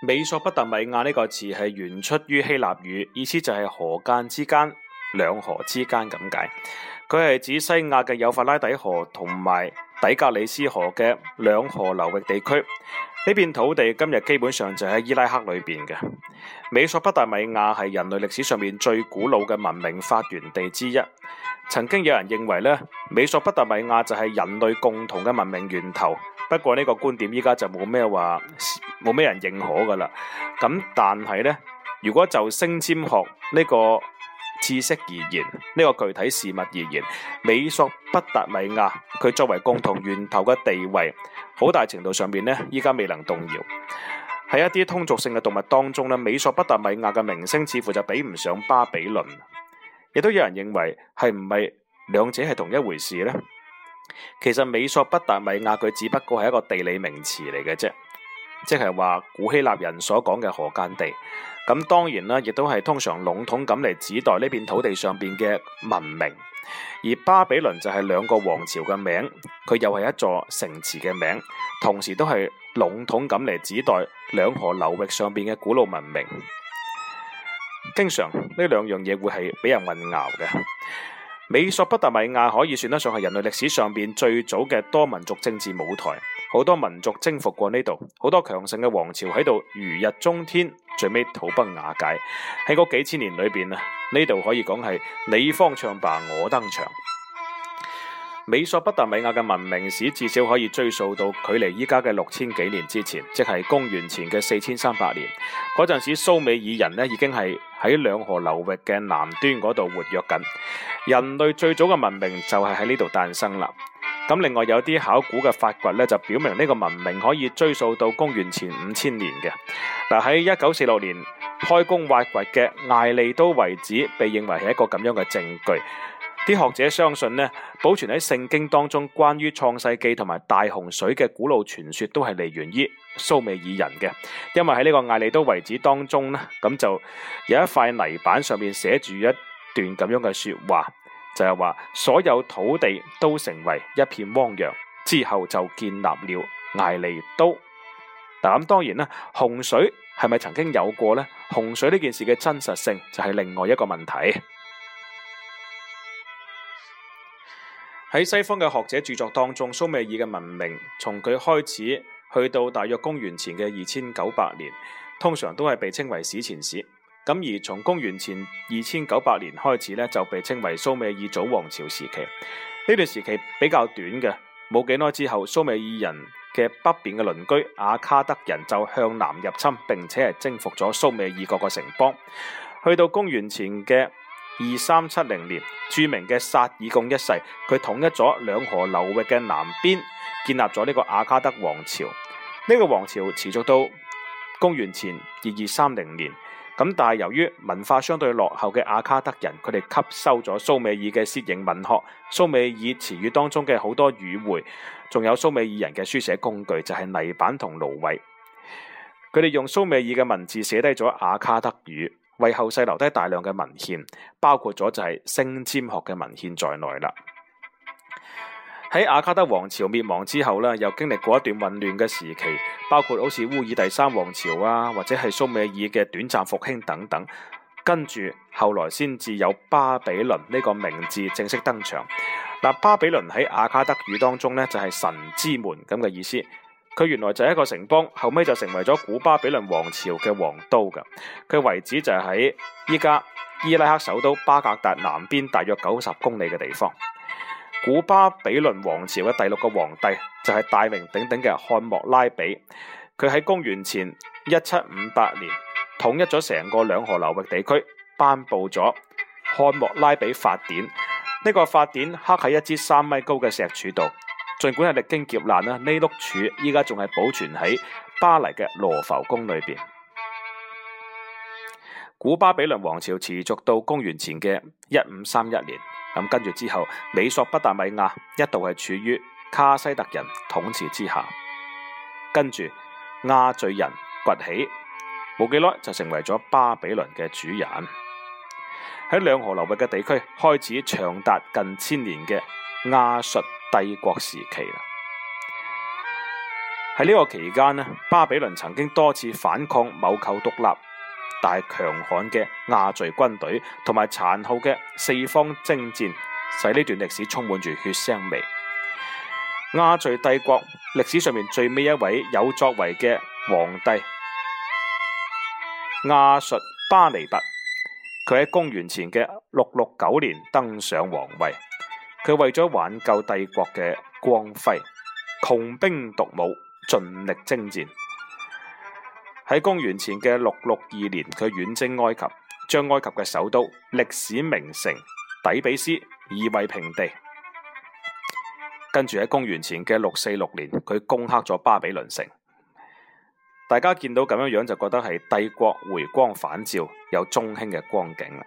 美索不達米亞呢個詞係源出於希臘語，意思就係河間之間、兩河之間咁解。佢係指西亞嘅幼發拉底河同埋底格里斯河嘅兩河流域地區。呢片土地今日基本上就喺伊拉克裏邊嘅。美索不達米亞係人類歷史上面最古老嘅文明發源地之一。曾經有人認為咧，美索不達米亞就係人類共同嘅文明源頭。不過呢個觀點依家就冇咩話。冇咩人認可噶啦。咁但係呢，如果就星占學呢個知識而言，呢個具體事物而言，美索不達米亞佢作為共同源頭嘅地位，好大程度上面呢，依家未能動搖。喺一啲通俗性嘅動物當中咧，美索不達米亞嘅名聲似乎就比唔上巴比倫。亦都有人認為係唔係兩者係同一回事呢？其實美索不達米亞佢只不過係一個地理名詞嚟嘅啫。即係話古希臘人所講嘅河間地，咁當然啦，亦都係通常籠統咁嚟指代呢片土地上邊嘅文明。而巴比倫就係兩個王朝嘅名，佢又係一座城池嘅名，同時都係籠統咁嚟指代兩河流域上邊嘅古老文明。經常呢兩樣嘢會係俾人混淆嘅。美索不達米亞可以算得上係人類歷史上邊最早嘅多民族政治舞台。好多民族征服過呢度，好多強盛嘅王朝喺度如日中天，最尾土崩瓦解。喺嗰幾千年裏邊啊，呢度可以講係你方唱罷我登場。美索不達米亞嘅文明史至少可以追溯到距離依家嘅六千幾年之前，即係公元前嘅四千三百年嗰陣時，蘇美爾人呢已經係喺兩河流域嘅南端嗰度活躍緊。人類最早嘅文明就係喺呢度誕生啦。咁另外有啲考古嘅發掘咧，就表明呢個文明可以追溯到公元前五千年嘅。嗱，喺一九四六年開工挖掘嘅艾利都遺址，被認為係一個咁樣嘅證據。啲學者相信咧，保存喺聖經當中關於創世紀同埋大洪水嘅古老傳說，都係嚟源於蘇美爾人嘅。因為喺呢個艾利都遺址當中咧，咁就有一塊泥板上面寫住一段咁樣嘅說話。就係話所有土地都成為一片汪洋，之後就建立了艾利都。嗱咁當然啦，洪水係咪曾經有過呢？洪水呢件事嘅真實性就係另外一個問題。喺西方嘅學者著作當中，蘇美爾嘅文明從佢開始去到大約公元前嘅二千九百年，通常都係被稱為史前史。咁而從公元前二千九百年開始咧，就被稱為蘇美爾早王朝時期。呢段時期比較短嘅，冇幾耐之後，蘇美爾人嘅北邊嘅鄰居阿卡德人就向南入侵，並且係征服咗蘇美爾各個城邦。去到公元前嘅二三七零年，著名嘅薩爾貢一世佢統一咗兩河流域嘅南邊，建立咗呢個阿卡德王朝。呢、這個王朝持續到公元前二二三零年。咁但係由於文化相對落後嘅阿卡德人，佢哋吸收咗蘇美爾嘅楔形文學、蘇美爾詞語當中嘅好多語匯，仲有蘇美爾人嘅書寫工具就係、是、泥板同蘆葦。佢哋用蘇美爾嘅文字寫低咗阿卡德語，為後世留低大量嘅文獻，包括咗就係星占學嘅文獻在內啦。喺阿卡德王朝滅亡之後咧，又經歷過一段混亂嘅時期，包括好似烏爾第三王朝啊，或者係蘇美爾嘅短暫復興等等。跟住後來先至有巴比倫呢個名字正式登場。嗱，巴比倫喺阿卡德語當中咧就係神之門咁嘅意思。佢原來就係一個城邦，後尾就成為咗古巴比倫王朝嘅王都噶。佢位置就係喺依家伊拉克首都巴格達南邊大約九十公里嘅地方。古巴比倫王朝嘅第六個皇帝就係大名鼎鼎嘅漢謨拉比，佢喺公元前一七五八年統一咗成個兩河流域地區，頒布咗漢謨拉比法典。呢個法典刻喺一支三米高嘅石柱度，盡管係歷經劫難，呢碌柱依家仲係保存喺巴黎嘅羅浮宮裏邊。古巴比倫王朝持續到公元前嘅一五三一年。咁跟住之後，美索不達米亞一度係處於卡西特人統治之下，跟住亞述人崛起，冇幾耐就成為咗巴比倫嘅主人，喺兩河流域嘅地區開始長達近千年嘅亞述帝國時期啦。喺呢個期間呢，巴比倫曾經多次反抗謀求獨立。大強悍嘅亞述軍隊同埋殘酷嘅四方征戰，使呢段歷史充滿住血腥味。亞述帝國歷史上面最尾一位有作為嘅皇帝亞述巴尼拔，佢喺公元前嘅六六九年登上皇位，佢為咗挽救帝國嘅光輝，窮兵黷武，盡力征戰。喺公元前嘅六六二年，佢遠征埃及，將埃及嘅首都歷史名城底比斯夷為平地。跟住喺公元前嘅六四六年，佢攻克咗巴比倫城。大家見到咁樣樣就覺得係帝國回光返照，有中興嘅光景啦。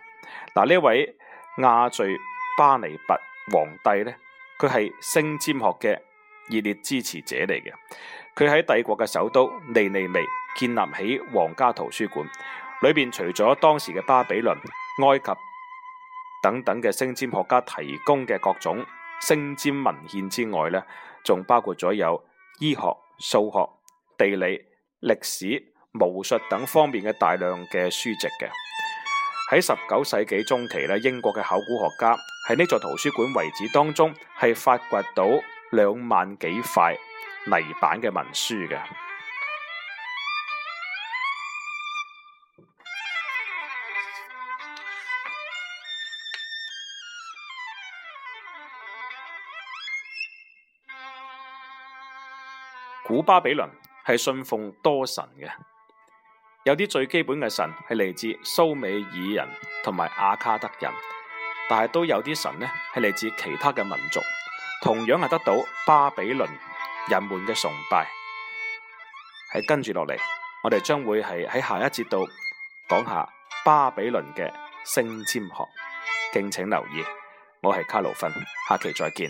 嗱，呢位亞叙巴尼拔皇帝呢，佢係星占學嘅熱烈支持者嚟嘅。佢喺帝國嘅首都尼尼微建立起皇家圖書館，裏邊除咗當時嘅巴比倫、埃及等等嘅星占學家提供嘅各種星占文獻之外，咧，仲包括咗有醫學、數學、地理、歷史、巫術等方面嘅大量嘅書籍嘅。喺十九世紀中期咧，英國嘅考古學家喺呢座圖書館遺址當中係發掘到兩萬幾塊泥板嘅文書嘅。古巴比倫係信奉多神嘅，有啲最基本嘅神係嚟自蘇美爾人同埋阿卡德人，但係都有啲神呢係嚟自其他嘅民族，同樣係得到巴比倫人們嘅崇拜。喺跟住落嚟，我哋將會係喺下一節度講下巴比倫嘅星占學，敬請留意。我係卡路芬，下期再見。